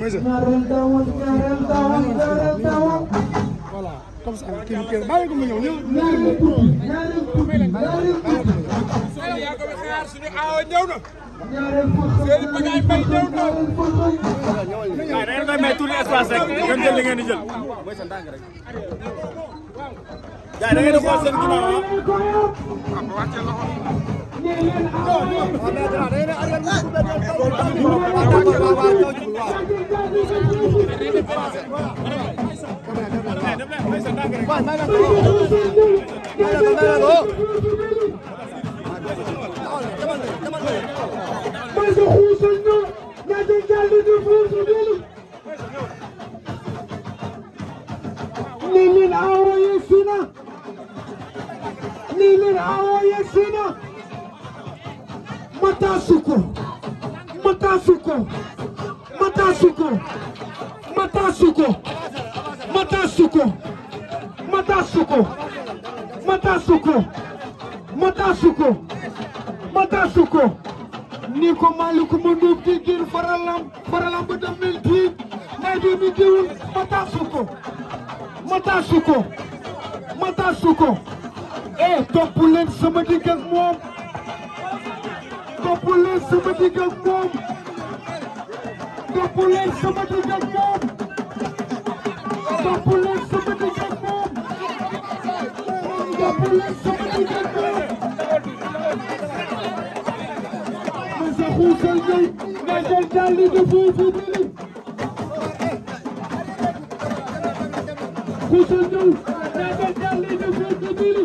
voilà comme ça kii bi kii bàyyi ko mu ñëw ñëw yaa ko xaar suñu aawa ñëw na seen bagaay bay ñëw na waaw da ngeen koy may tuuti espace rek ngeen jël li ngeen di jël mooy sa ndànk rek da ngeen di xool seen ginnaaw Nilin Awa Yesina! Nilin Awa Yesina! matasuko matasuko matasuko matasuko matasuko matasuko matasuko matasuko matasuko ni ko maliku mo di gir faralam faralam ba damel di nabi mi diwul matasuko matasuko matasuko eh topp leen moom topp leen sama digg ak moom topp leen sama digg ak moom topp leen sama digg ak moom topp leen sama digg ak moom. mais sa xuusal ngay nga jël daal di def foofu nii xuusal ngay nga jël daal di def foofu nii.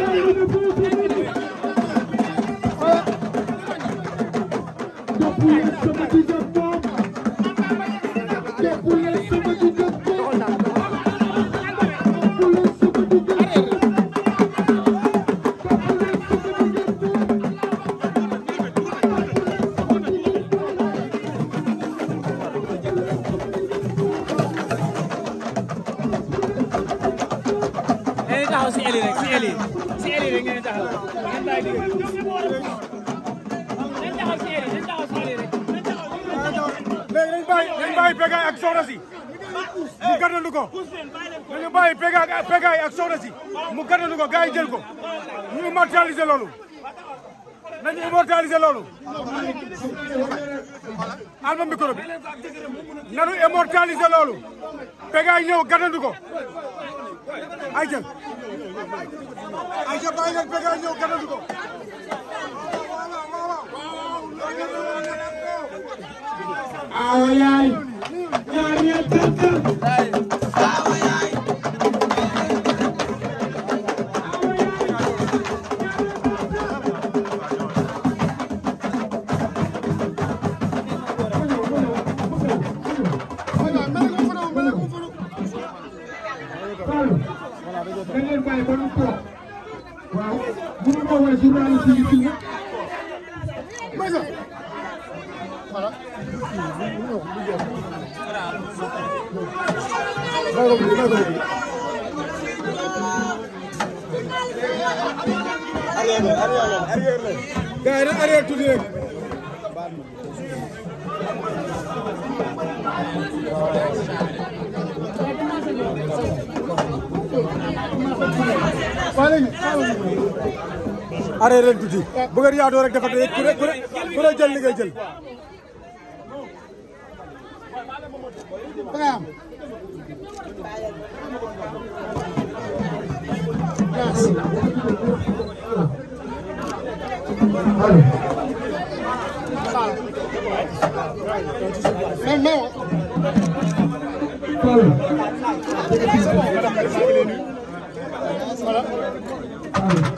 Pega ak soxna si mu gàttandu ko dañu bàyyi Pega Pega ak soxna mu gàttandu ko gars yi jël ko ñu immortaliser loolu nañu immortaliser loolu album bi nañu immortaliser loolu Pega ñëw gàttandu ko ayca ayca bàyyi leen Bécaye ñëw gànnaaw ko. waaw yaay. Valeu, valeu. arrêté leen tuuti bu ngeen yaatoo rek dafa tey ku jël li ngay jël.